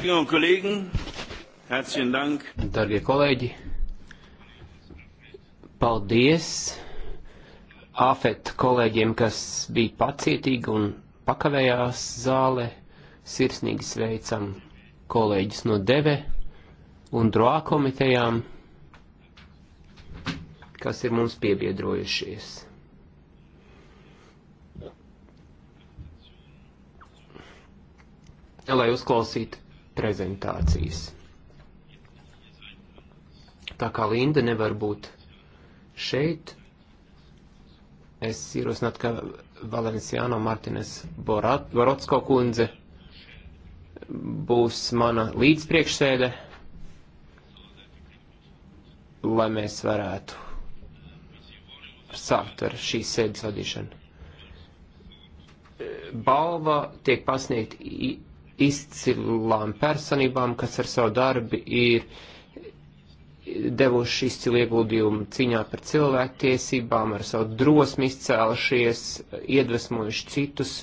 Kolleginnen und Kollegen, herzlichen Dank. Darbie kolēģi, paldies AFET kolēģiem, kas bija pacietīgi un pakavējās zāle. Sirsnīgi sveicam kolēģis no DEVE un DROA komitejām, kas ir mums piebiedrojušies. lai uzklausītu prezentācijas. Tā kā Linda nevar būt šeit, es ierosinātu, ka Valenciāno Martines Borat, Borotsko kundze būs mana līdzpriekšsēde, lai mēs varētu sākt ar šīs sēdes vadīšanu. Balva tiek pasniegta izcilām personībām, kas ar savu darbu ir devuši izcilu ieguldījumu cīņā par cilvēktiesībām, ar savu drosmi izcēlušies, iedvesmojuši citus.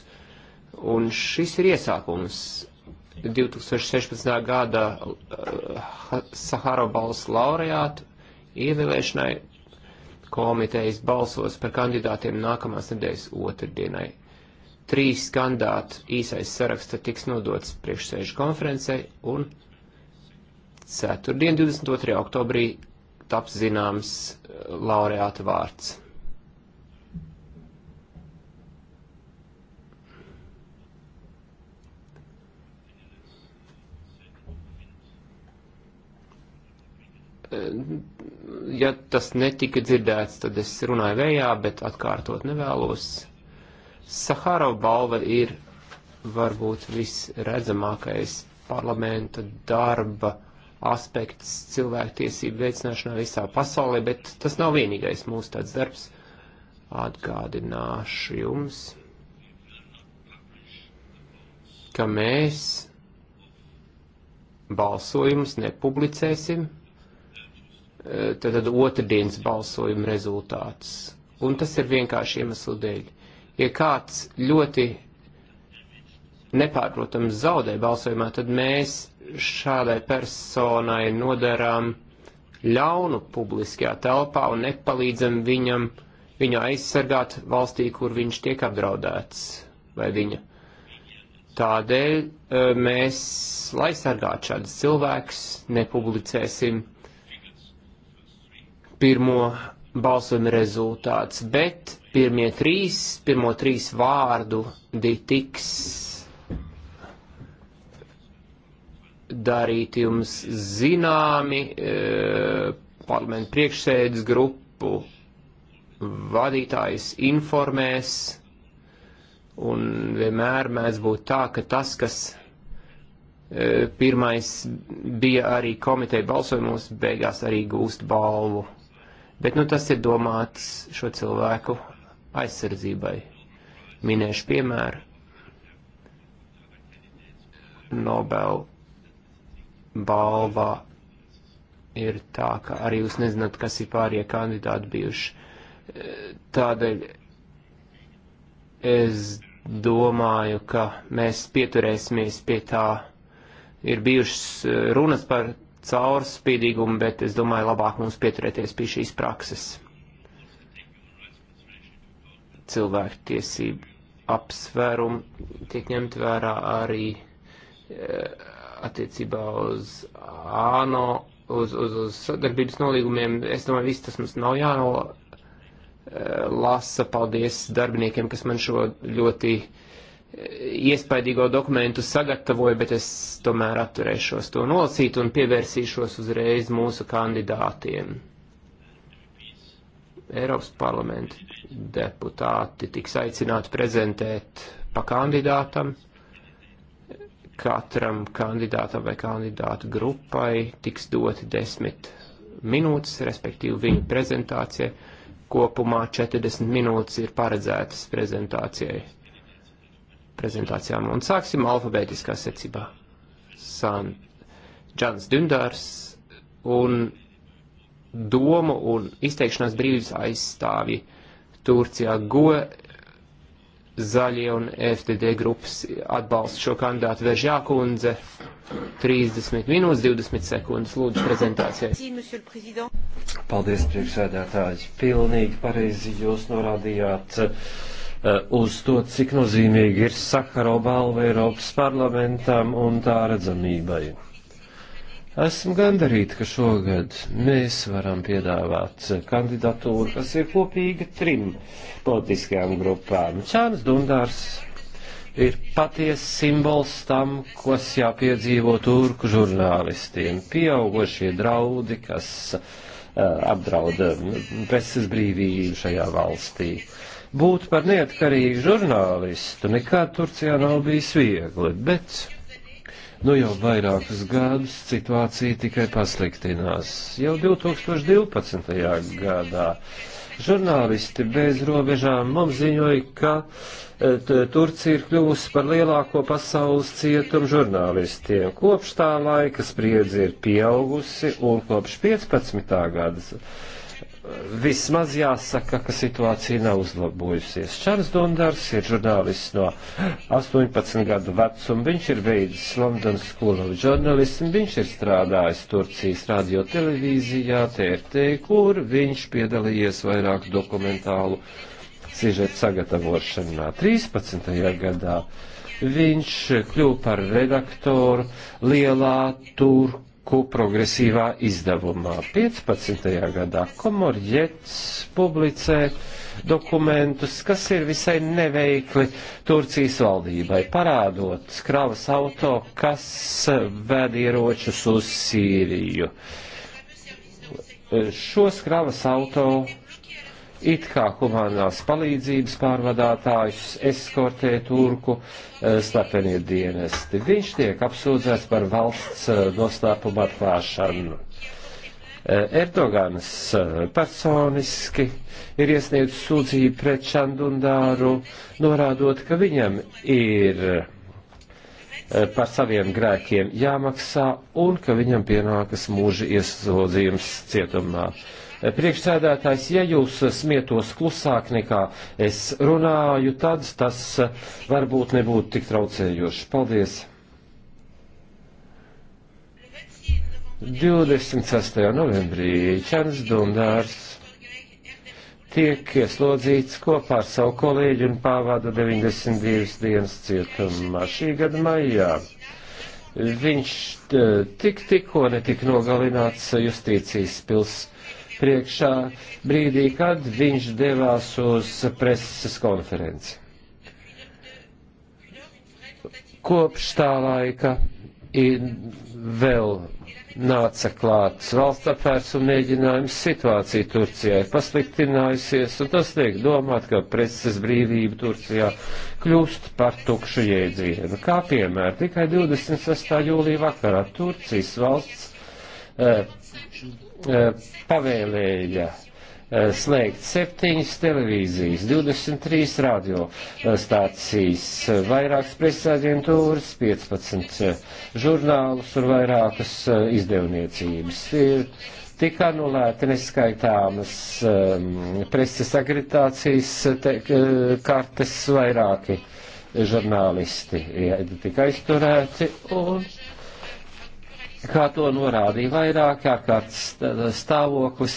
Un šis ir iesākums 2016. gada uh, Sahara balss laureātu ievēlēšanai komitejas balsos par kandidātiem nākamās nedēļas otrdienai Trīs kandidātu īsais saraksts tiks nodots priekšsēžu konferencei un ceturtdien 22. oktobrī taps zināms eh, laureāta vārds. Eh, ja tas netika dzirdēts, tad es runāju vējā, bet atkārtot nevēlos. Sahara balva ir varbūt visredzamākais parlamenta darba aspekts cilvēktiesību veicināšanā visā pasaulē, bet tas nav vienīgais mūsu tāds darbs. Atgādināšu jums, ka mēs balsojumus nepublicēsim, tad, tad otrdienas balsojuma rezultāts. Un tas ir vienkārši iemeslu dēļ. Ja kāds ļoti nepārprotams zaudē balsojumā, tad mēs šādai personai nodarām ļaunu publiskajā telpā un nepalīdzam viņam viņu aizsargāt valstī, kur viņš tiek apdraudēts vai viņa. Tādēļ e, mēs, lai sargātu šādus cilvēkus, nepublicēsim pirmo balsojuma rezultāts, bet pirmie trīs, pirmo trīs vārdu tiks darīt jums zināmi e, parlamentu priekšsēdus grupu vadītājs informēs, un vienmēr mēdz būt tā, ka tas, kas e, pirmais bija arī komiteja balsojumos, beigās arī gūst balvu. Bet nu, tas ir domāts šo cilvēku aizsardzībai. Minēšu piemēru Nobel balvā ir tā, ka arī jūs nezināt, kas ir pārējie kandidāti bijuši. Tādēļ es domāju, ka mēs pieturēsimies pie tā. Ir bijušas runas par caurspīdīgumu, bet es domāju, labāk mums pieturēties pie šīs prakses. Cilvēku tiesību apsvērumu tiek ņemt vērā arī e, attiecībā uz ANO, uz, uz, uz sadarbības nolīgumiem. Es domāju, viss tas mums nav jānolasa. E, Paldies darbiniekiem, kas man šo ļoti uh, iespaidīgo dokumentu sagatavoju, bet es tomēr atturēšos to nolasīt un pievērsīšos uzreiz mūsu kandidātiem. Eiropas parlamenta deputāti tiks aicināti prezentēt pa kandidātam. Katram kandidātam vai kandidātu grupai tiks doti desmit minūtes, respektīvi viņu prezentācija. Kopumā 40 minūtes ir paredzētas prezentācijai prezentācijām. Un sāksim alfabētiskā secībā. San Džans Dundārs un domu un izteikšanās brīvības aizstāvi Turcijā GO zaļie un FDD grupas atbalsta šo kandidātu Veržā kundze. 30 minūtes, 20 sekundes lūdzu prezentācijai. Paldies, priekšsēdētāji. Pilnīgi pareizi jūs norādījāt. Uh, Uh, uz to, cik nozīmīgi ir Sakaro balva Eiropas parlamentam un tā redzamībai. Esmu gandarīti, ka šogad mēs varam piedāvāt kandidatūru, kas ir kopīga trim politiskajām grupām. Čānis Dundārs ir paties simbols tam, kas jāpiedzīvo turku žurnālistiem. Pieaugošie draudi, kas uh, apdraud um, preses brīvību šajā valstī. Uh, būt par neatkarīgu žurnālistu nekad Turcijā nav bijis viegli, bet nu jau vairākus gadus situācija tikai pasliktinās. Jau 2012. gadā žurnālisti bez robežām mums ziņoja, ka e, Turcija ir kļuvusi par lielāko pasaules cietumu žurnālistiem. Kopš tā laika spriedzi ir pieaugusi un kopš 15. gadas vismaz jāsaka, ka situācija nav uzlabojusies. Čārls Dondārs ir žurnālists no 18 gadu vecuma, viņš ir beidzis London School of Journalism, viņš ir strādājis Turcijas radio televīzijā, TRT, kur viņš piedalījies vairāk dokumentālu sižetu sagatavošanā 13. gadā. Viņš kļūpa par redaktoru lielā turku banku progresīvā izdevumā. 15. gadā Komorģets publicē dokumentus, kas ir visai neveikli Turcijas valdībai, parādot kravas auto, kas ved ieročus uz Sīriju. Šos kravas auto it kā humanās palīdzības pārvadātājus eskortē turku eh, slepenību dienesti. Viņš tiek apsūdzēts par valsts eh, noslēpumu atklāšanu. Eh, Erdogans personiski ir iesniedzis sūdzību pret Čandundāru, norādot, ka viņam ir par saviem grēkiem jāmaksā un ka viņam pienākas mūža ieslodzījums cietumā. Uh, Priekšsēdētājs, ja jūs smietos klusāk nekā es runāju, tad tas varbūt nebūtu tik traucējoši. Paldies! 26. novembrī Čans Dundārs tiek ieslodzīts kopā ar savu kolēģi un pavada 92 dienas cietumā šī gada maijā. Viņš eh, tik tikko netika nogalināts justīcijas pilsētā priekšā brīdī, kad viņš devās uz preses konferenci. Kopš tā laika vēl nāca klāts valsts apvērsuma mēģinājums, situācija Turcijai pasliktinājusies, un tas liek domāt, ka preses brīvība Turcijā kļūst par tukšu jēdzienu. Kā piemēra, tikai 26. jūlija vakarā Turcijas valsts eh, Eh, pavēlēja eh, slēgt septiņas televīzijas, 23 radiostācijas, eh, vairākas presāģentūras, 15 žurnālus un vairākas izdevniecības. Ir tik anulēti neskaitāmas um, preses agritācijas te, kartes, vairāki žurnālisti ja, tika aizturēti un kā to norādīja vairāk, ārkārtas stāvoklis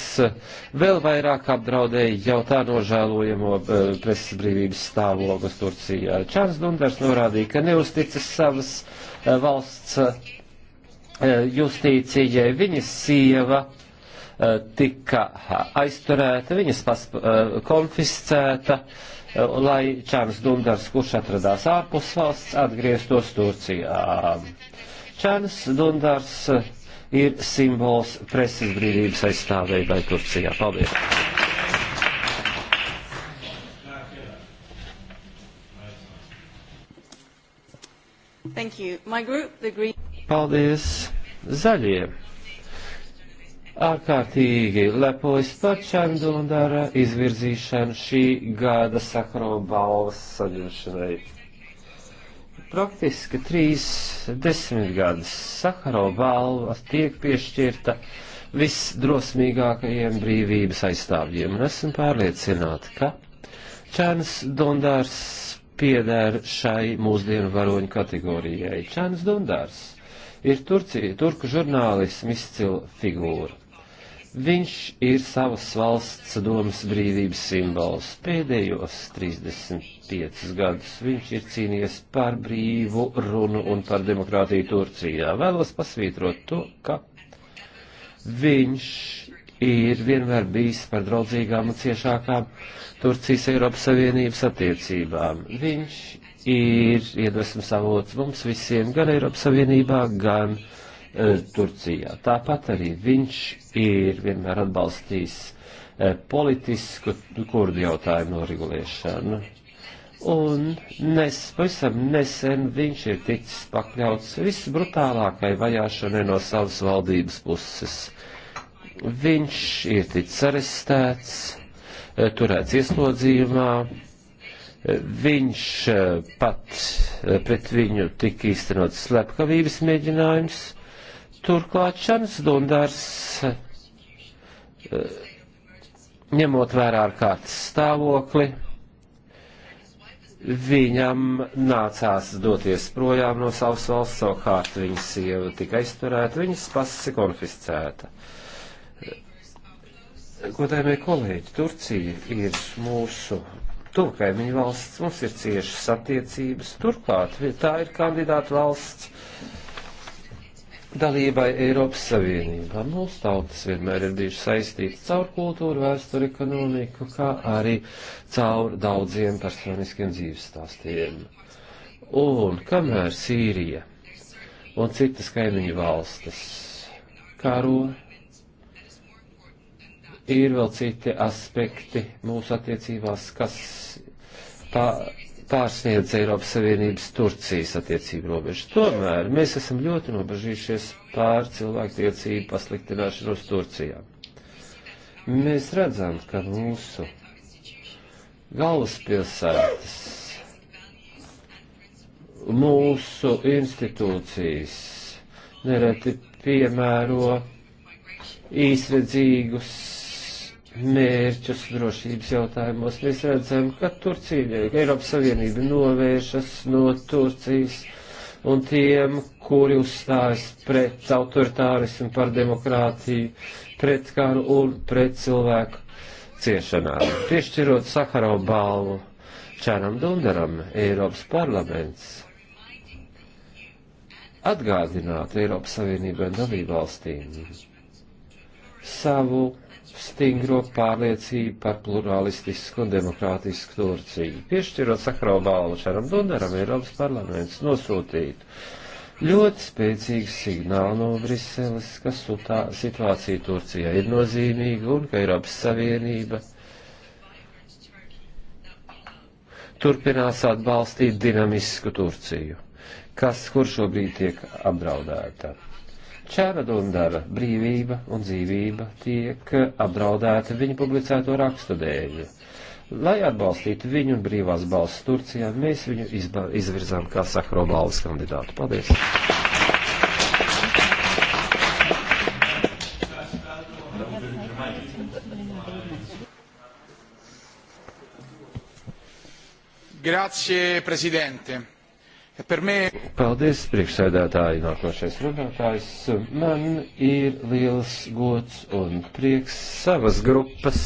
vēl vairāk apdraudēja jau tā nožēlojamo eh, preses brīvības stāvoklis Turcijā. Čārls Dundars norādīja, ka neusticas savas eh, valsts eh, justīcijai viņa sieva tika aizturēta, viņas pasp, konfiscēta, lai Čārls Dundars, kurš atradās ārpus valsts, atgrieztos Turcijā. Čānis Dundārs eh, ir simbols preses brīvības aizstāvēbai Turcijā. Paldies! Thank you. My group, the Green... Paldies! Zaļie! ārkārtīgi lepojas par Čandundara izvirzīšanu šī gada Sakaro balvas saņemšanai. Praktiski trīs desmitgades Sakaro balva tiek piešķirta visdrosmīgākajiem brīvības aizstāvjiem, un esmu pārliecināta, ka Čēns Dondārs pieder šai mūsdienu varoņu kategorijai. Čēns Dondārs ir Turcija, turku žurnālismu izcila figūra. Viņš ir savas valsts domas brīvības simbols. Pēdējos 35 gadus viņš ir cīnījies par brīvu runu un par demokrātiju Turcijā. Vēlos pasvītrot to, ka viņš ir vienmēr bijis par draudzīgām un ciešākām Turcijas Eiropas Savienības attiecībām. Viņš ir iedvesmas avots mums visiem, gan Eiropas Savienībā, gan. E, Turcijā. Tāpat arī viņš ir vienmēr atbalstījis e, politisku kurdu jautājumu noregulēšanu. Un nes, pavisam nesen viņš ir ticis pakļauts visbrutālākai vajāšanai no savas valdības puses. Viņš ir ticis arestēts, e, turēts ieslodzījumā, viņš pat pret viņu tika īstenots slepkavības mēģinājums, Turklāt Čans Dundars, eh, ņemot vērā ārkārtas stāvokli, viņam nācās doties projām no savas valsts, savukārt viņas sieva tika aizturēta, viņas pasi konfiscēta. Godājumie kolēģi, Turcija ir mūsu tuvkaimiņu valsts, mums ir ciešas attiecības, turklāt tā ir kandidāta valsts dalībai Eiropas Savienībā. Mūsu tautas vienmēr ir bijušas saistītas caur kultūru, vēsturi, ekonomiku, kā arī caur daudziem personiskiem dzīves stāstiem. Un kamēr Sīrija un citas kaimiņu valstis karo, ir vēl citi aspekti mūsu attiecībās, kas tā pārsniedz Eiropas Savienības Turcijas attiecību robežu. Tomēr mēs esam ļoti nobežījušies pār cilvēktiecību pasliktināšanos Turcijā. Mēs redzam, ka mūsu galvaspilsētas, mūsu institūcijas nereti piemēro īsredzīgus mērķus drošības jautājumos, mēs redzam, ka Turcija, ka Eiropas Savienība novēršas no Turcijas un tiem, kuri uzstājas pret autoritārismu, par demokrātiju, pret karu un pret cilvēku ciešanām. Piešķirot Saharau balvu Čānam Dundaram, Eiropas parlaments atgādināt Eiropas Savienībai un dalībvalstīm savu stingro pārliecību par pluralistisku un demokrātisku Turciju. Piešķirot Sakrau balvu Šaram Dunaram, Eiropas parlaments nosūtītu ļoti spēcīgu signālu no Briseles, ka sutā, situācija Turcijā ir nozīmīga un ka Eiropas Savienība turpinās atbalstīt dinamisku Turciju, kas, kur šobrīd tiek apdraudēta. Čēradundara brīvība un dzīvība tiek apdraudēta viņa publicēto rakstu dēļ. Lai atbalstītu viņu un brīvās balsts Turcijā, mēs viņu izvirzām kā Sakro balvas kandidātu. Paldies! Grazie, Presidente. Per me... Paldies, priekšsēdētāji, nākošais runātājs. Man ir liels gods un prieks savas grupas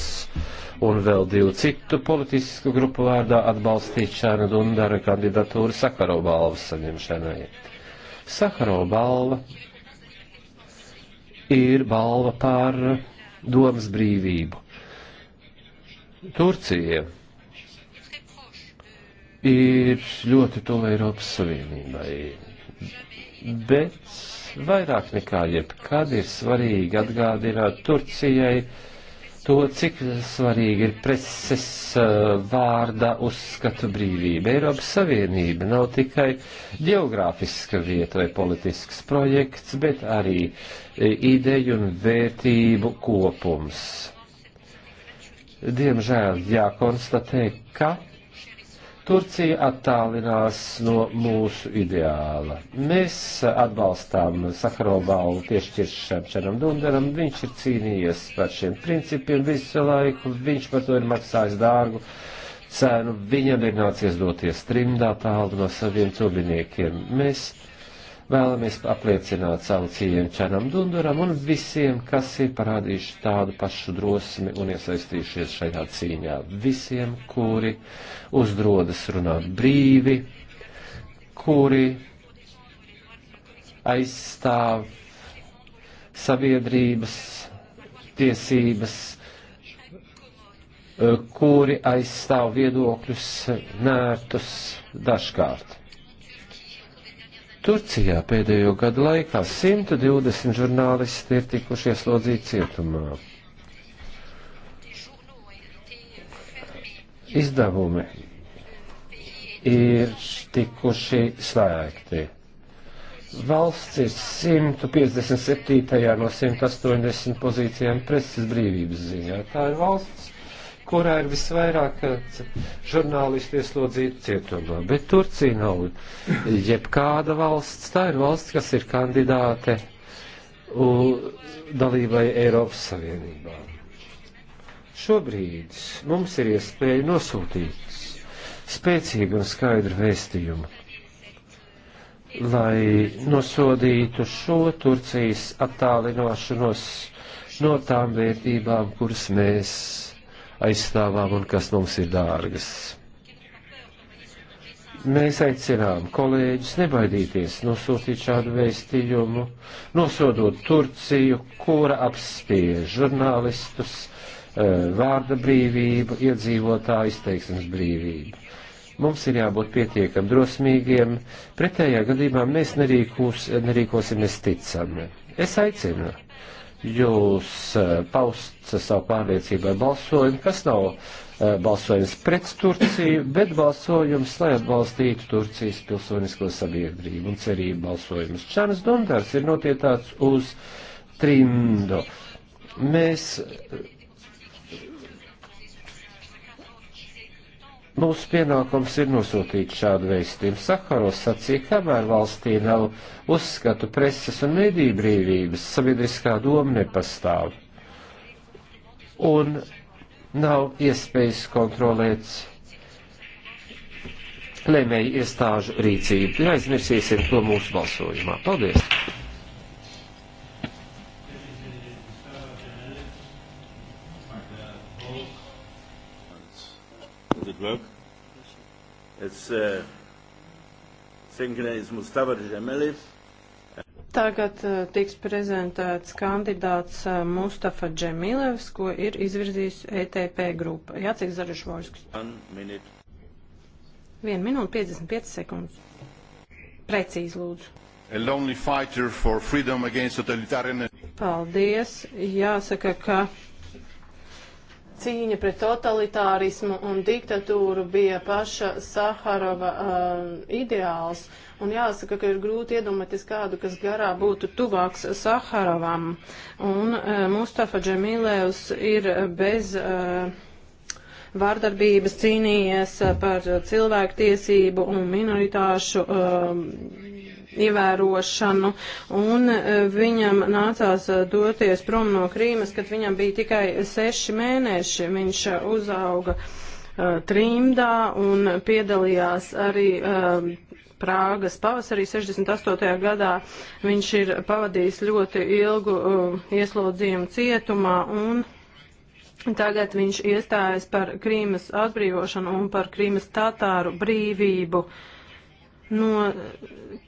un vēl divu citu politisku grupu vārdā atbalstīt Šāna Dundara kandidatūru Sakaro balvas saņemšanai. Sakaro balva ir balva par domas brīvību. Turcija ir ļoti tuva Eiropas Savienībai. Bet vairāk nekā jebkad ir svarīgi atgādināt Turcijai to, cik svarīgi ir preses eh, vārda uzskatu brīvība. Eiropas Savienība nav tikai geogrāfiska vieta vai politisks projekts, bet arī eh, ideju un vērtību kopums. Diemžēl jākonstatē, ka Turcija attālinās no mūsu ideāla. Mēs atbalstām Sakarobalvu piešķiršanu Čeram Dundaram, viņš ir cīnījies par šiem principiem visu laiku, viņš par to ir maksājis dārgu cenu, viņam ir nācies doties trimdā tālu no saviem tuviniekiem. Mēs vēlamies apliecināt savu cieņu Čanam Dunduram un visiem, kas ir parādījuši tādu pašu drosmi un iesaistījušies šajā cīņā. Visiem, kuri uzdrodas runāt brīvi, kuri aizstāv sabiedrības tiesības, kuri aizstāv viedokļus nērtus dažkārt Turcijā pēdējo gadu laikā 120 žurnālisti ir tikuši ieslodzīti cietumā. Izdevumi ir tikuši slēgti. Valsts ir 157. no 180 pozīcijām preses brīvības ziņā. Tā ir valsts, kurā ir visvairāk eh, žurnālisti ieslodzīti cietumā. Bet Turcija nav jebkāda valsts, tā ir valsts, kas ir kandidāte dalībai Eiropas Savienībā. Šobrīd mums ir iespēja nosūtīt spēcīgu un skaidru vēstījumu, lai nosodītu šo Turcijas attālināšanos no tām vērtībām, kuras mēs aizstāvām un kas mums ir dārgas. Mēs aicinām kolēģus nebaidīties nosūtīt šādu vēstījumu, nosodot Turciju, kura apspiež žurnālistus, eh, vārda brīvību, iedzīvotāju izteiksmes brīvību. Mums ir jābūt pietiekam drosmīgiem, pretējā gadījumā mēs nerīkos, nerīkosimies ticami. Es aicinu jūs eh, paust savu pārliecību ar balsojumu, kas nav eh, balsojums pret Turciju, bet balsojums, lai atbalstītu Turcijas pilsonisko sabiedrību un cerību balsojumus. Čārlis Dondārs ir notietāts uz trimdu. Mēs Mūsu pienākums ir nosūtīt šādu veistījumu. Sakaros sacīja, kamēr valstī nav uzskatu preses un mediju brīvības, sabiedriskā doma nepastāv. Un nav iespējas kontrolēt lēmēju iestāžu rīcību. Neaizmirsīsim to mūsu balsojumā. Paldies! Eh, sinhronizmu Stavar Žemelis. Tagad eh, tiks prezentēts kandidāts eh, Mustafa Džemilevs, ko ir izvirzījis ETP grupa. Jācīk Zarišvorskis. Vienu minūtu 55 sekundes. Precīzi lūdzu. Paldies. Jāsaka, ka cīņa pret totalitārismu un diktatūru bija paša Saharova uh, ideāls. Un jāsaka, ka ir grūti iedomāties kādu, kas garā būtu tuvāks Saharovam. Un uh, Mustafa Džemilevs ir bez. Uh, Vārdarbības cīnījies par cilvēktiesību un minoritāšu um, uh, ievērošanu, un e, viņam nācās e, doties prom no Krīmas, kad viņam bija tikai seši mēneši. Viņš e, uzauga trimdā un piedalījās arī Prāgas pavasarī 68. gadā. Viņš ir pavadījis ļoti ilgu ieslodzījumu cietumā un tagad viņš iestājas par Krīmas atbrīvošanu un par Krīmas tatāru brīvību. Uh, No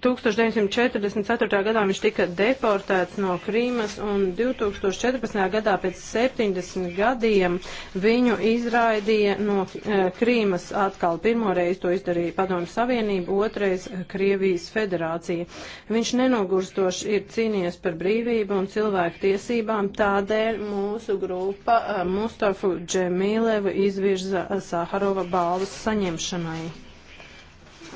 1944. gadā viņš tika deportēts no Krīmas un 2014. gadā pēc 70 gadiem viņu izraidīja no eh, Krīmas atkal. Pirmoreiz to izdarīja Padomju Savienība, otrais Krievijas Federācija. Viņš nenogurstoši ir cīnījies par brīvību un cilvēku tiesībām, tādēļ mūsu grupa eh, Mustafu Džemīlevu izvirza Saharova balvas saņemšanai.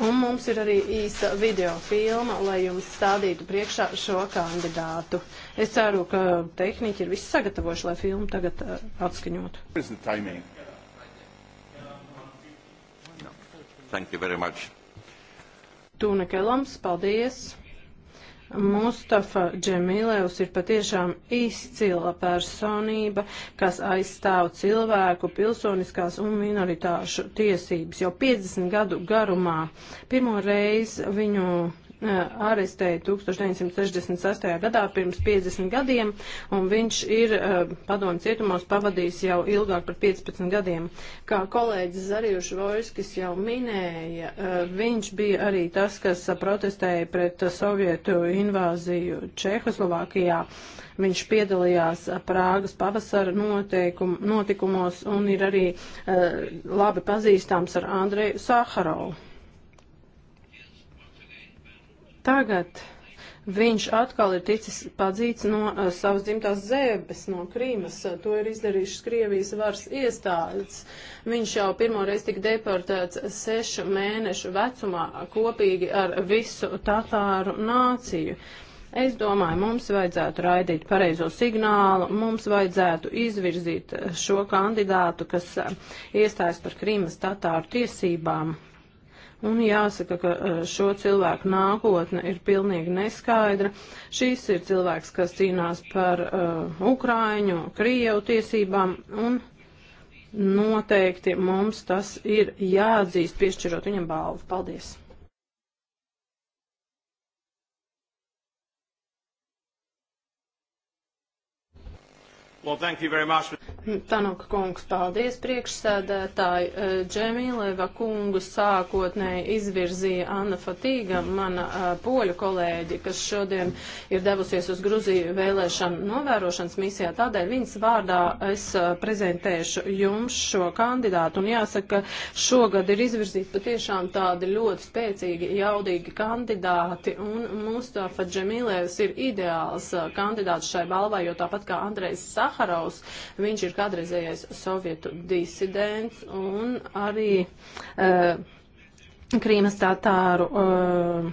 Un mums ir arī īsa video filma, lai jums stādītu priekšā šo kandidātu. Es ceru, ka tehniķi ir viss sagatavojuši, lai filmu tagad uh, atskaņotu. No. Tūne Kelams, paldies! Mustafa Džemilevs ir patiešām izcila personība, kas aizstāv cilvēku pilsoniskās un minoritāšu tiesības jau 50 gadu garumā. Pirmo reizi viņu Eh, arestēja 1968. gadā pirms 50 gadiem, un viņš ir eh, padomu cietumos pavadījis jau ilgāk par 15 gadiem. Kā kolēģis Zarijuši Vojskis jau minēja, eh, viņš bija arī tas, kas protestēja pret Sovietu invāziju Čehoslovākijā. Viņš piedalījās Prāgas pavasara noteikum, notikumos un ir arī labi pazīstams ar Andreju Saharovu tagad viņš atkal ir ticis padzīts no uh, savas dzimtās zēbes, no Krīmas. Uh, to ir izdarījušas Krievijas varas iestādes. Viņš jau pirmoreiz tika deportēts sešu mēnešu vecumā kopīgi ar visu tatāru nāciju. Es domāju, mums vajadzētu raidīt pareizo signālu, mums vajadzētu izvirzīt šo kandidātu, kas eh, iestājas par Krīmas tatāru tiesībām. Un jāsaka, ka e, šo cilvēku nākotne ir pilnīgi neskaidra. Šis ir cilvēks, kas cīnās par uh, Ukraiņu, Krievu tiesībām un noteikti mums tas ir jāatzīst, piešķirot viņam balvu. Paldies! Well, thank you very much. Tanuk kungs, paldies priekšsēdētāji. Eh, Džemīleva kungu sākotnēji izvirzīja Anna Fatīga, mana eh, poļu kolēģi, kas šodien ir devusies uz Gruziju vēlēšanu novērošanas misijā. Tādēļ viņas vārdā es eh, prezentēšu jums šo kandidātu. Un jāsaka, ka šogad ir izvirzīti patiešām tādi ļoti spēcīgi, jaudīgi kandidāti. Un Mustafa Džemīlevs ir ideāls kandidāts šai balvai, jo tāpat kā Andrejs Saharovs, viņš ir kādreizējais Sovietu disidents un arī uh, Krīmas tātāru uh, e,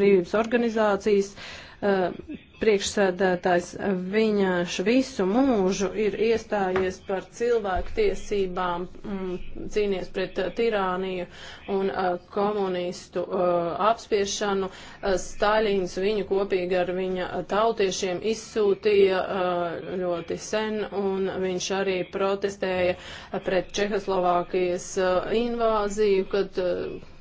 brīvības organizācijas uh, priekšsēdētājs, viņš visu mūžu ir iestājies par cilvēku tiesībām, mm, cīnies pret uh, tirāniju un uh, komunistu uh, apspiešanu. Staļins viņu kopīgi ar viņa tautiešiem izsūtīja ļoti sen, un viņš arī protestēja pret Čehoslovākijas invāziju, kad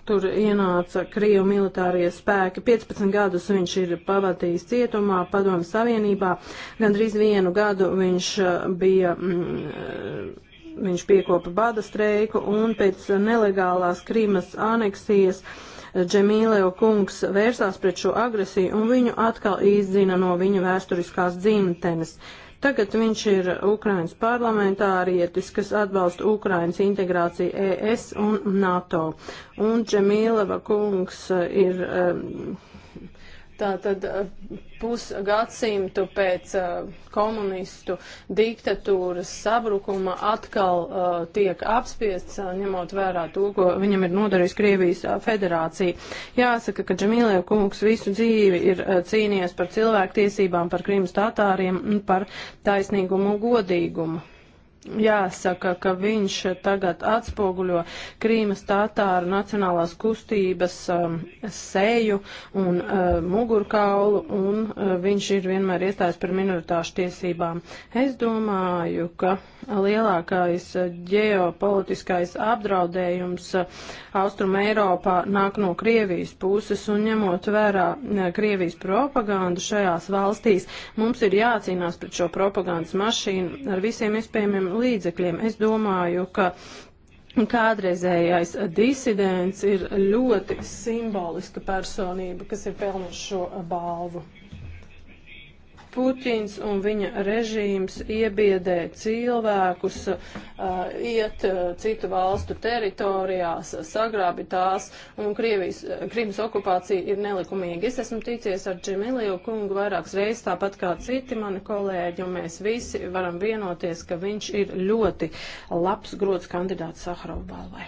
tur ienāca Krievu militārie spēki. 15 gadus viņš ir pavadījis cietumā, padomu savienībā, gandrīz vienu gadu viņš uh, bija. Mm, Viņš piekopa bada streiku un pēc nelegālās Krīmas aneksijas uh, Džemīleo kungs vērsās pret šo agresiju un viņu atkal izdzina no viņa vēsturiskās dzimtenes. Uh, Tagad viņš ir Ukrainas parlamentārietis, kas atbalsta Ukrainas integrāciju ES un NATO. Un Džemīleva kungs ir. Um, Tātad eh, pusgadsimtu pēc uh, komunistu diktatūras sabrukuma atkal uh, tiek apspiests, uh, ņemot vērā to, ko viņam ir nodarījis Krievijas federācija. Jāsaka, ka Džamīliev kungs visu dzīvi ir cīnījies par cilvēktiesībām, par krīmas tātāriem un par taisnīgumu un godīgumu. Jāsaka, ka viņš tagad atspoguļo Krīmas tātāru nacionālās kustības um, seju un uh, mugurkaulu, un uh, viņš ir vienmēr iestājis par minoritāšu tiesībām. Es domāju, ka lielākais uh, ģeopolitiskais apdraudējums uh, Austrum Eiropā nāk no Krievijas puses, un ņemot vērā uh, Krievijas propagandu šajās valstīs, mums ir jācīnās pret šo propagandas mašīnu ar visiem iespējamiem līdzekļiem. Es domāju, ka kādreizējais disidents ir ļoti simboliska personība, kas ir pelnījis šo balvu. Putins un viņa režīms iebiedē cilvēkus, uh, iet uh, citu valstu teritorijās, sagrābi tās, un Krievijas, uh, Krimas okupācija ir nelikumīga. Es esmu ticies ar Džimiliju kungu vairākas reizes, tāpat kā citi mani kolēģi, un mēs visi varam vienoties, ka viņš ir ļoti labs grots kandidāts Sahrova balvai.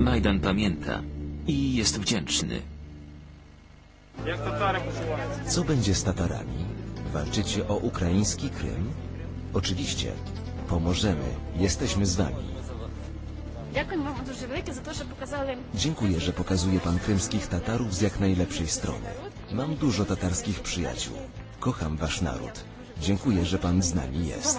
Majdan pamięta i jest wdzięczny. Co będzie z Tatarami? Walczycie o ukraiński Krym? Oczywiście, pomożemy, jesteśmy z wami. Dziękuję wam дуже wielkie za to, że pokazali... Dziękuję, że pokazuje pan krymskich Tatarów z jak najlepszej strony. Mam dużo tatarskich przyjaciół. Kocham wasz naród. Dziękuję, że pan z nami jest.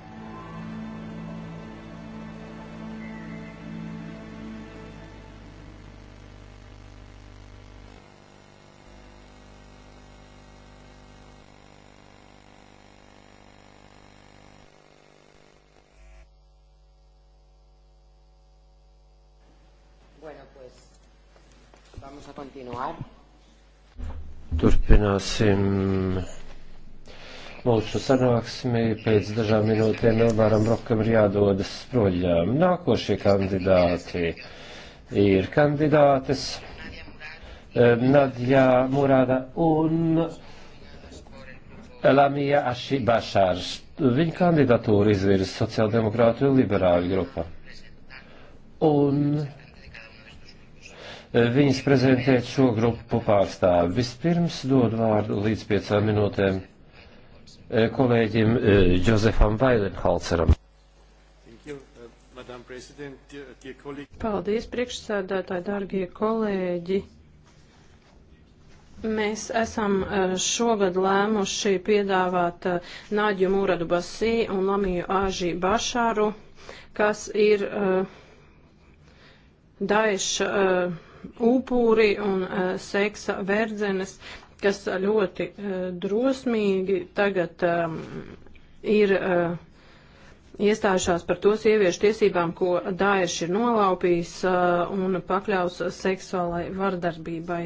continuar. Turpināsim mūsu sanāksmi. Pēc dažām minūtēm Elmāram Brokam ir jādodas projām. Nākošie kandidāti ir kandidātes eh, Nadja Murāda un Lamija Aši Bašārs. Viņa kandidatūru izvirza sociāldemokrātu un liberāļu grupa. Un viņas prezentēt šo grupu pārstāvi. Vispirms dodu vārdu līdz piecām minūtēm eh, kolēģim Džozefam eh, Vailenhalceram. Uh, Paldies, priekšsēdētāji, dārgie kolēģi. Mēs esam eh, šogad lēmuši piedāvāt Nāģu Mūradu Basī un Lamiju Āžī Bašāru, kas ir uh, Daeša uh, upuri un uh, seksa verdzenes, kas ļoti uh, drosmīgi tagad um, ir uh, iestājušās par to sieviešu tiesībām, ko Daeši ir nolaupījis uh, un pakļaus seksuālai vardarbībai.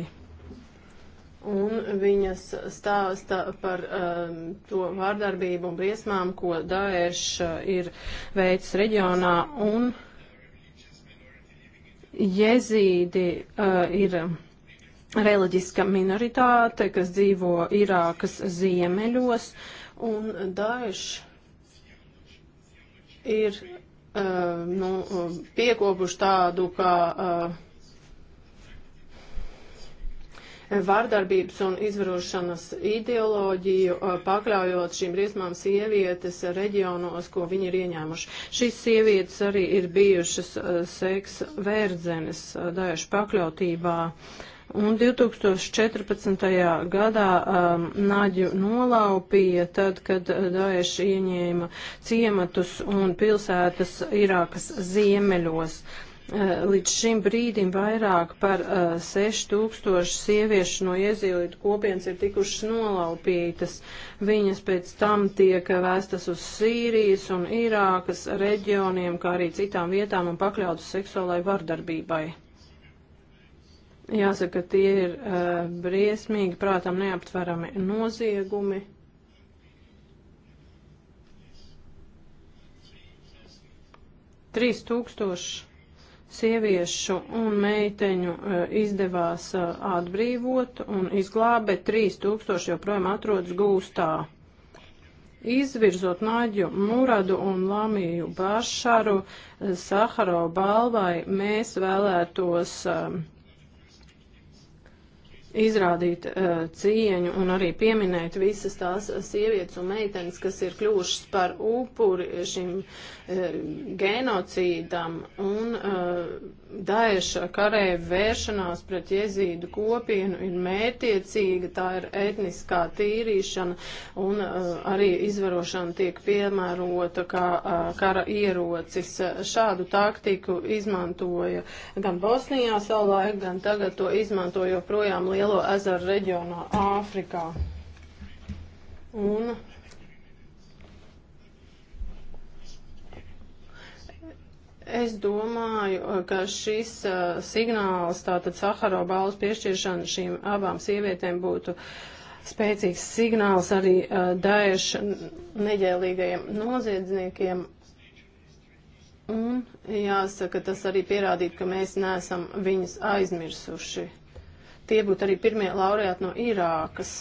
Un viņas stāsta par um, to vārdarbību un briesmām, ko Daesh ir veids reģionā. Un, uh, Jezīdi uh, ir reliģiska minoritāte, kas dzīvo Irākas ziemeļos, un Daesh ir uh, nu, piekopuši tādu kā uh, vārdarbības un izvarošanas ideoloģiju, pakļaujot šīm briesmām sievietes reģionos, ko viņi ir ieņēmuši. Šīs sievietes arī ir bijušas seksa vērdzenes daļašu pakļautībā. Un 2014. gadā um, Naģu nolaupīja tad, kad Daesh ieņēma ciematus un pilsētas Irākas ziemeļos. Uh, Eh, līdz šim brīdim vairāk par uh, eh, 6000 sieviešu no iezīlītu kopienas ir tikušas nolaupītas. Viņas pēc tam tiek vēstas uz Sīrijas un Irākas reģioniem, kā arī citām vietām un pakļautas seksuālai vardarbībai. Jāsaka, tie ir uh, briesmīgi, prātam, neaptverami noziegumi. Trīs tūkstoši sieviešu un meiteņu e, izdevās e, atbrīvot un izglābt, bet 3000 joprojām atrodas gūstā. Izvirzot Naģu Muradu un Lamiju Bašaru e, Saharo balvai, mēs vēlētos uh, izrādīt uh, cieņu un arī pieminēt visas tās sievietes un meitenes, kas ir kļuvušas par upuri šim uh, genocīdam un uh, Daeša karēja vēršanās pret jezīdu kopienu ir mētiecīga, tā ir etniskā tīrīšana un uh, arī izvarošana tiek piemērota kā uh, kara ierocis. Šādu taktiku izmantoja gan Bosnijā savulaik, gan tagad to izmanto joprojām Lielo ezaru reģionā Āfrikā. Un Es domāju, uh, ka šis uh, signāls, tātad Saharo balvas piešķiršana šīm abām sievietēm būtu spēcīgs signāls arī uh, Daeša neģēlīgajiem noziedzniekiem. Un jāsaka, tas arī pierādīt, ka mēs neesam viņas aizmirsuši. Tie būtu arī pirmie laureāti no Irākas.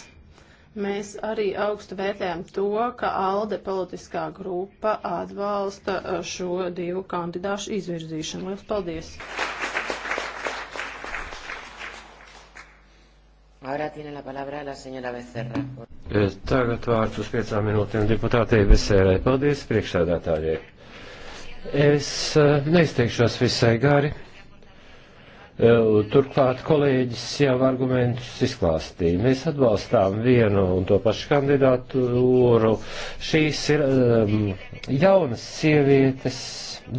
Mēs arī augstu vērtējam to, ka ALDE politiskā grupa atbalsta uh, šo divu kandidāšu izvirzīšanu. Lielas paldies! Ahora tiene la palabra la señora Becerra. Tagad vārds uz piecām minūtēm deputātei Becerrai. Paldies priekšsēdētājai. Es uh, neizteikšos visai gari. E, turklāt kolēģis jau argumentus izklāstīja. Mēs atbalstām vienu un to pašu kandidatūru. Šīs ir um, jaunas sievietes,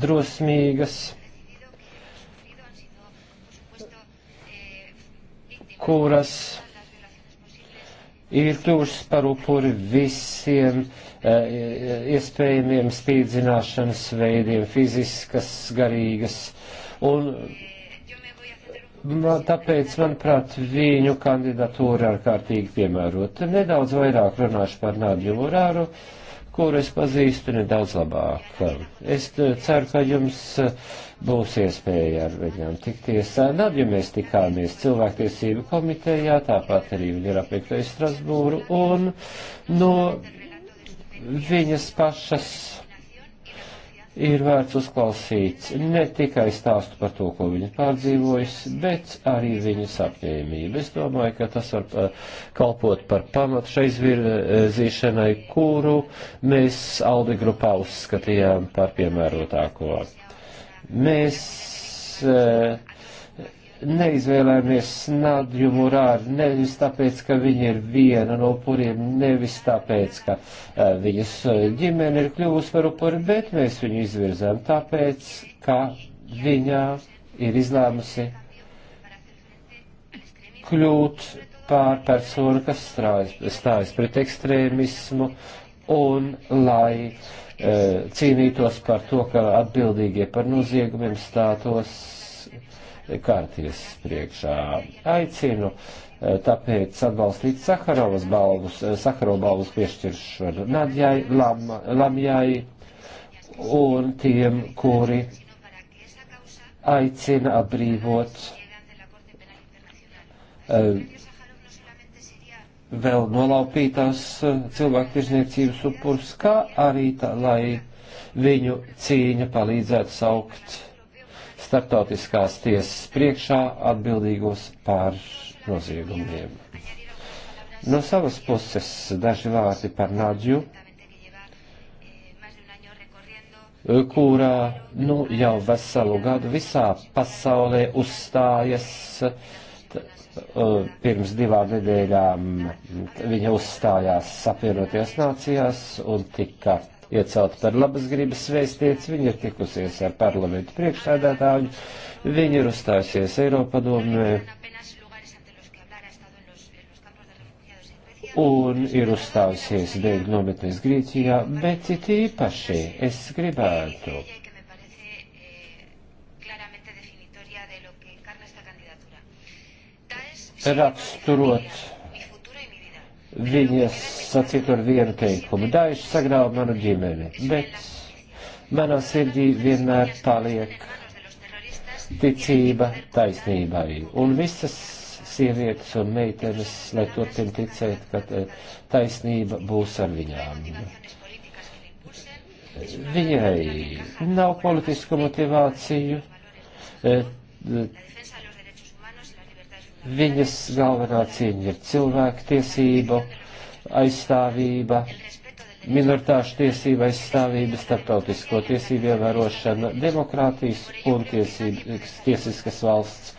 drosmīgas, kuras ir kļuvušas par upuri visiem e, iespējamiem spīdzināšanas veidiem, fiziskas, garīgas. Un Nu, tāpēc, manuprāt, viņu kandidatūra ārkārtīgi piemērota. Nedaudz vairāk runāšu par Nādju Urāru, kuru es pazīstu nedaudz labāk. Es ceru, ka jums eh, būs iespēja ar viņām tikties. Eh, Nādju mēs tikāmies cilvēktiesību komitejā, tāpat arī viņa ir apmeklējusi Strasbūru, un no viņas pašas ir vērts uzklausīt ne tikai stāstu par to, ko viņa pārdzīvojas, bet arī viņas apņēmību. Es domāju, ka tas var eh, kalpot par pamatu šai zvirzīšanai, kuru mēs Aldi grupā uzskatījām par piemērotāko. Mēs uh, neizvēlēmies Nadju Murāru nevis tāpēc, ka viņa ir viena no upuriem, nevis tāpēc, ka uh, viņas eh, ģimene ir kļuvusi par upuri, bet mēs viņu izvirzām tāpēc, ka viņa ir izlēmusi kļūt pār personu, kas strājas, stājas pret ekstrēmismu un lai uh, cīnītos par to, ka atbildīgie par noziegumiem stātos kārties priekšā. Aicinu eh, tāpēc atbalstīt Sakarovas balvas, eh, Sakarova balvas piešķiršanu Nadjai, Lam, Lamjai un tiem, kuri aicina atbrīvot eh, vēl nolaupītās cilvēktiesniecības upurus, kā arī tā, lai viņu cīņa palīdzētu saukt starptautiskās tiesas priekšā atbildīgos pār noziegumiem. No savas puses daži vārdi par Nadju, kurā nu, jau veselu gadu visā pasaulē uzstājas uh, pirms divām nedēļām viņa uzstājās apvienoties nācijās un tika iecelt par labas gribas vēstnieci, viņa ir tikusies ar parlamentu priekšsēdētāju, viņa ir uzstājusies Eiropadomē un ir uzstājusies bēgļu nometnēs Grieķijā, bet it īpaši es gribētu. Raksturot viņas sacītu ar vienu teikumu. Daži sagrāva manu ģimeni, bet manā sirdī vienmēr paliek ticība taisnībai. Un visas sievietes un meitenes, lai turpin ticēt, ka eh, taisnība būs ar viņām. Viņai nav politisku motivāciju eh, Viņas galvenā cīņa ir cilvēktiesība, aizstāvība, minoritāšu tiesība aizstāvība, starptautisko tiesību ievērošana, demokrātijas un tiesības, tiesiskas valsts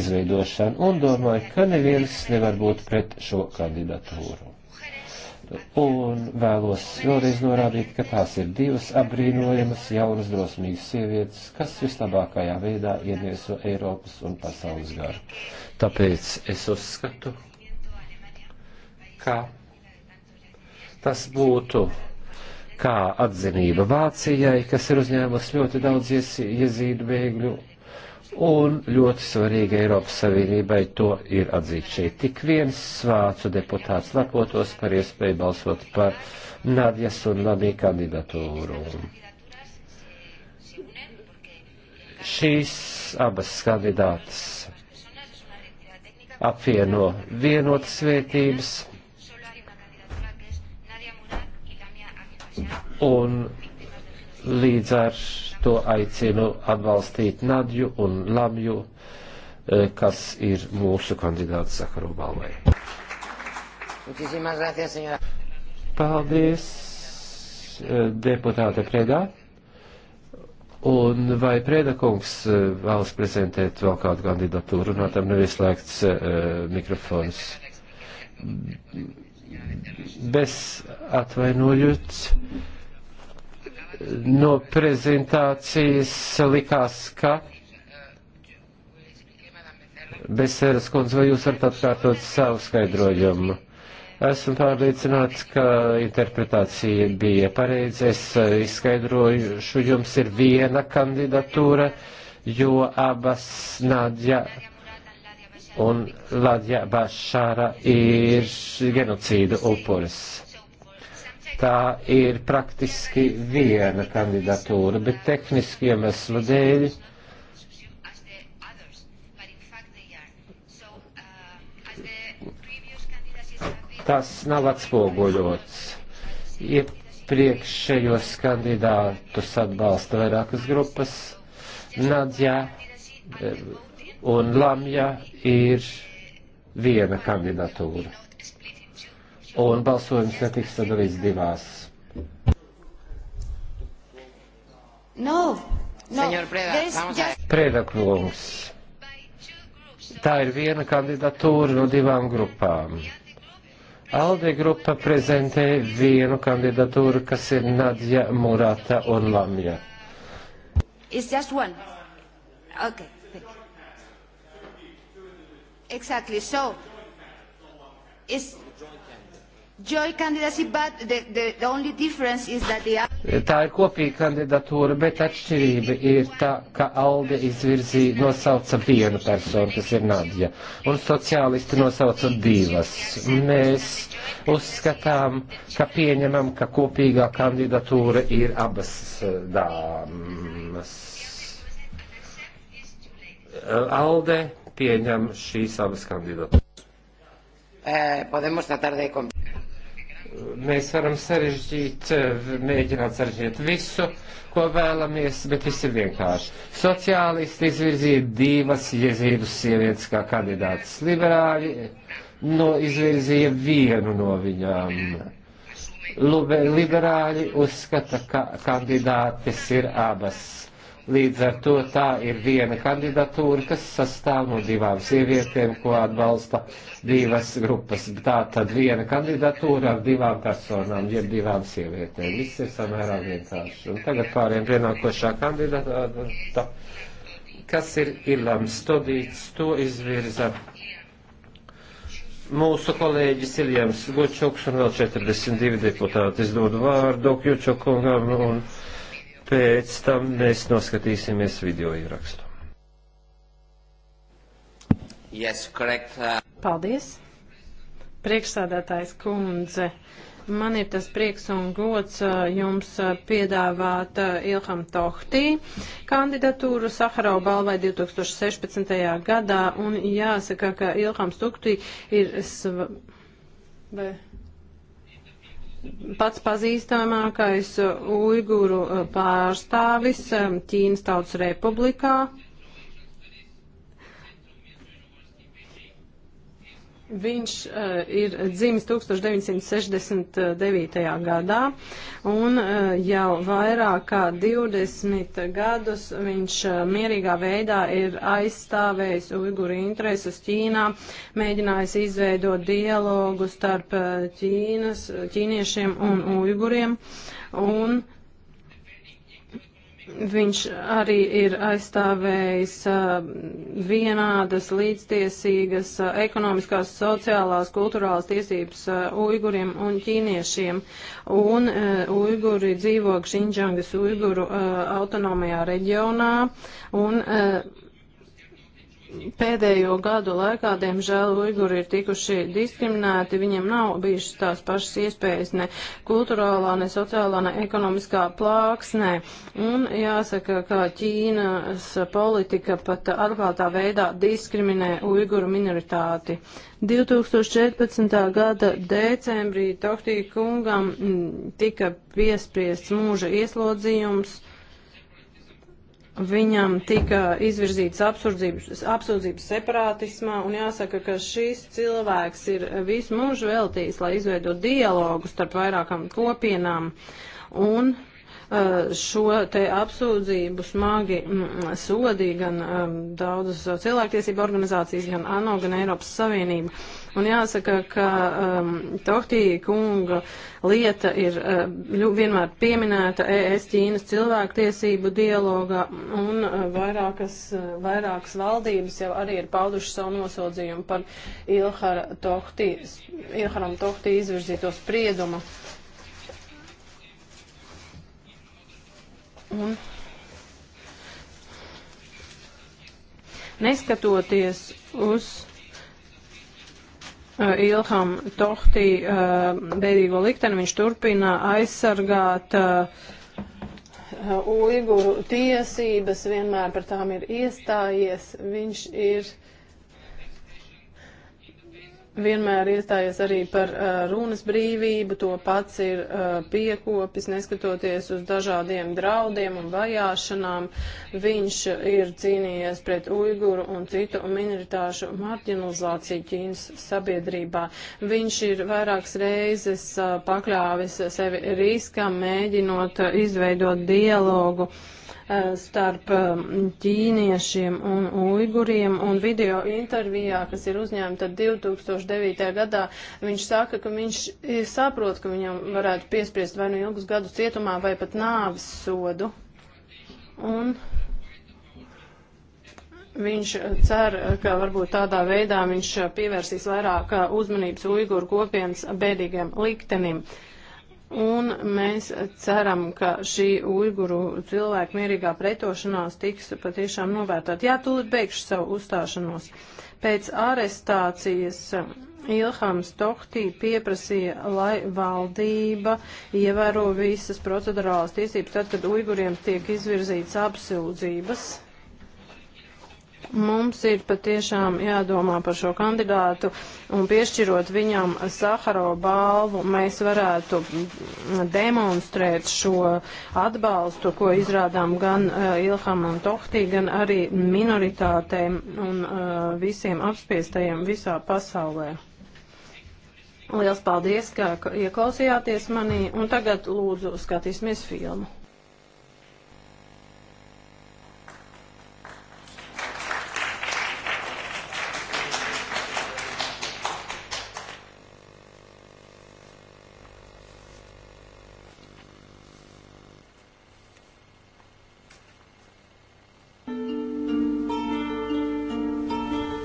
izveidošana. Un domāju, ka neviens nevar būt pret šo kandidatūru un vēlos vēlreiz norādīt, ka tās ir divas apbrīnojamas jaunas drosmīgas sievietes, kas vislabākajā veidā ievieso Eiropas un pasaules garu. Tāpēc es uzskatu, ka tas būtu kā atzinība Vācijai, kas ir uzņēmusi ļoti daudz iezīdu bēgļu Un ļoti svarīgi Eiropas Savienībai to ir atzīt šeit. Tik viens vācu deputāts lepotos par iespēju balsot par Nadjas un Nadī kandidatūru. Šīs abas kandidātas apvieno vienotas vērtības un līdz ar to aicinu atbalstīt Nadju un Lamju, eh, kas ir mūsu kandidāts Sakaru balvai. Paldies, eh, deputāte Preda. Un vai Prēda kungs eh, vēlas prezentēt vēl kādu kandidatūru? Nā, tam nav ieslēgts uh, mikrofons. Bez atvainojot. Uh, no prezentācijas likās, ka Beseras kundze, vai jūs varat atkārtot savu skaidrojumu? Esmu pārliecināts, ka interpretācija bija pareiza. Es eh, izskaidroju, jums ir viena kandidatūra, jo abas Nadja un Ladja Bašāra ir genocīda upuris tā ir praktiski viena kandidatūra, bet tehniski iemeslu dēļ. Tas nav atspoguļots. Iepriekšējos kandidātus atbalsta vairākas grupas. Nadja eh, un Lamja ir viena kandidatūra un balsojums netiks sadalīts divās. No, no, Prēda kungs. Tā ir viena kandidatūra no divām grupām. Alde grupa prezentē vienu kandidatūru, kas ir Nadja Murata un Lamja. It's just one. Okay. Exactly. So, it's Tā ir kopīga kandidatūra, bet atšķirība ir tā, ka Alde izvirzīja nosauca vienu personu, kas ir Nadja, un sociālisti nosauca divas. Mēs uzskatām, ka pieņemam, ka kopīgā kandidatūra ir abas eh, dāmas. Eh, Alde pieņem šīs abas kandidatūras. Eh, podemos tratar de mēs varam sarežģīt, eh, mēģināt sarežģīt visu, ko vēlamies, bet viss ir vienkārši. Sociālisti izvirzīja divas Jēzības sievietes kā kandidātas. Liberāļi no, nu, izvirzīja vienu no viņām. Liberāļi uzskata, ka kandidātes ir abas Līdz ar to tā ir viena kandidatūra, kas sastāv no divām sievietēm, ko atbalsta divas grupas. Tā tad viena kandidatūra ar divām personām, jeb divām sievietēm. Viss ir samērā vienkārši. Un tagad pāriem pie nākošā kandidāta, kas ir Ilams Stodīts, to izvirza mūsu kolēģis Iljams Gočuks un vēl 42 deputāti. Es dodu vārdu Kjučukungam un pēc tam mēs noskatīsimies video ierakstu. Yes, correct. Uh, Paldies. Priekšsādātājs kundze. Man ir tas prieks un gods uh, jums uh, piedāvāt Ilham Tohtī kandidatūru Saharau balvai 2016. gadā, un jāsaka, ka Ilhams Tohtī ir sva... Be pats pazīstamākais uh, uiguru uh, pārstāvis um, Ķīnas Tautas Republikā Viņš uh, ir dzimis 1969. gadā un uh, jau vairāk kā 20 gadus viņš uh, mierīgā veidā ir aizstāvējis uiguru intereses Ķīnā, mēģinājis izveidot dialogu starp uh, Ķīnas, ķīniešiem un uiguriem. Un, uh, Viņš arī ir aizstāvējis vienādas, līdztiesīgas ekonomiskās, sociālās, kulturālās tiesības uiguriem un ķīniešiem. Un uiguri dzīvo Kšinģangas uiguru autonomajā reģionā. Un, pēdējo gadu laikā, diemžēl, uiguri ir tikuši diskriminēti, viņiem nav bijušas tās pašas iespējas ne kulturālā, ne sociālā, ne ekonomiskā plāksnē. Un jāsaka, ka Ķīnas politika pat atklātā veidā diskriminē uiguru minoritāti. 2014. gada decembrī Tohtī kungam mm, tika piespriests mūža ieslodzījums Viņam tika izvirzītas apsūdzības separātismā, un jāsaka, ka šīs cilvēks ir visu mūžu veltījis, lai izveido dialogu starp vairākām kopienām. Un uh, šo te apsūdzību smagi mm, sodīja gan um, daudzas cilvēktiesība organizācijas, gan ANO, gan Eiropas Savienība. Un jāsaka, ka um, Tohtija kunga lieta ir uh, vienmēr pieminēta ES Ķīnas cilvēktiesību dialogā, un uh, vairākas, uh, vairākas valdības jau arī ir pauduši savu nosodzījumu par Ilhara Tohtī, Ilharam Tohtī izvirzīto spriedumu. Un neskatoties uz Eh, Ilham Tohti eh, bēdīgo likteni, viņš turpina aizsargāt eh, uiguru tiesības, vienmēr par tām ir iestājies, viņš ir vienmēr iestājies arī par uh, runas brīvību, to pats ir uh, piekopis, neskatoties uz dažādiem draudiem un vajāšanām. Viņš ir cīnījies pret uiguru un citu minoritāšu marginalizāciju Ķīnas sabiedrībā. Viņš ir vairākas reizes uh, pakļāvis sevi riskam, mēģinot uh, izveidot dialogu. Uh, Eh, starp eh, ķīniešiem un uiguriem. Un video intervijā, kas ir uzņēmta 2009. gadā, viņš saka, ka viņš eh, saprot, ka viņam varētu piespriest vai nu ilgus gadus cietumā, vai pat nāvis sodu. Un Viņš cer, ka varbūt tādā veidā viņš pievērsīs vairāk uzmanības uiguru kopienas bēdīgiem liktenim. Uh, Un mēs ceram, ka šī uiguru cilvēku mierīgā pretošanās tiks patiešām novērtēt. Jā, tūlīt beigšu savu uzstāšanos. Pēc arestācijas Ilhams Tohtī pieprasīja, lai valdība ievēro visas procedurālās tiesības tad, kad uiguriem tiek izvirzītas apsūdzības. Mums ir patiešām jādomā par šo kandidātu un piešķirot viņam Saharo balvu, mēs varētu demonstrēt šo atbalstu, ko izrādām gan uh, eh, Ilhamam Tohtī, gan arī minoritātēm un uh, visiem apspiestajiem visā pasaulē. Liels paldies, ka ieklausījāties manī, un tagad lūdzu skatīsimies filmu.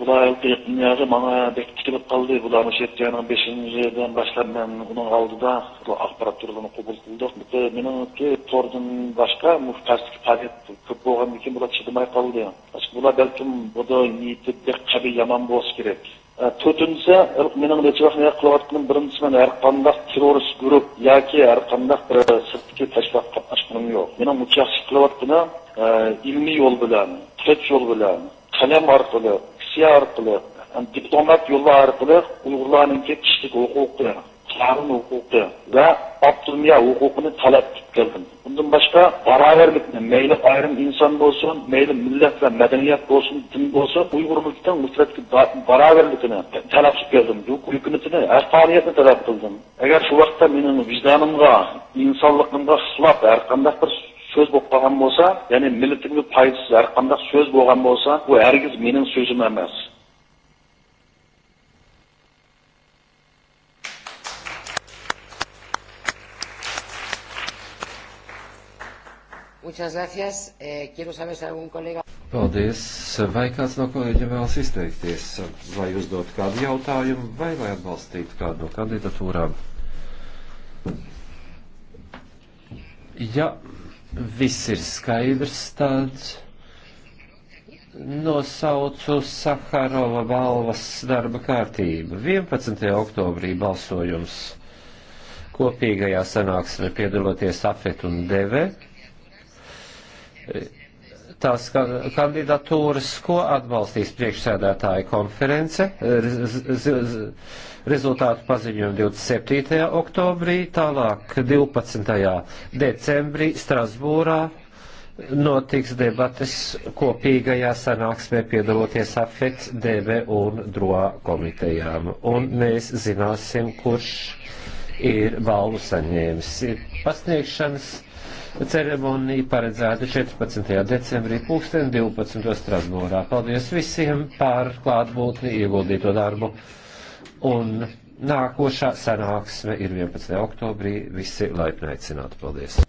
Bular ilk dünyada bana bek tikilip kaldı. Bular Müşettiyanın 5. yerden başlar ben onun aldı da akbarat turlarını kubul kıldık. Bu benim ki tordun başka muhtarsızlık faaliyet köp boğan için bular çıdımay kaldı. Açık bular belki bu da niyeti bek kabi yaman boz gerek. Төртінші, менің нәтижеқ не қылып жатқаным бірінші мен әрқандай террорист групп яки әрқандай бір сыртқы тәшбақ қатнашқаным жоқ. Менің мұқияқ қылып жатқаным илми жол білән, төт жол білән, қалам арқылы, Rossiya orqali, diplomat yo'li orqali Uyg'urlarningki kishilik huquqi, qonun huquqi va avtonomiya huquqini talab qilib keldim. Bundan boshqa barobarlikni, mayli ayrim inson bo'lsin, mayli millat va madaniyat bo'lsin, din bo'lsin, Uyg'urlikdan muslatki barobarlikni talab qilib keldim. Hukumatini, haqqoniyatni talab qildim. Agar shu vaqtda mening vijdonimga, insonligimga xilaf har qanday bir so'z bo'lib qolgan bo'lsa ya'ni millatimizga foydasiz har qanday so'z bo'lgan bo'lsa bu hargiz mening so'zim emas Muchas gracias. Eh, quiero saber si algún colega. Paldies. Vai kāds no kolēģiem vēlas izteikties, vai uzdot kādu jautājumu, vai lai atbalstītu kādu no kandidatūrām? Ja viss ir skaidrs tāds. Nosaucu Saharova balvas darba kārtību. 11. oktobrī balsojums kopīgajā sanāksmē piedaloties Afet un Deve tās kandidatūras, ko atbalstīs priekšsēdētāja konference. Rezultātu paziņojumu 27. oktobrī, tālāk 12. decembrī Strasbūrā notiks debates kopīgajā sanāksmē piedaloties AFET, DB un DROA komitejām. Un mēs zināsim, kurš ir balvu saņēmis. Pasniegšanas ceremonija paredzēta 14. decembrī pulksten 12. Strasbūrā. Paldies visiem par klātbūtni ieguldīto darbu. Un nākošā sanāksme ir 11. oktobrī. Visi laipni aicināti. Paldies!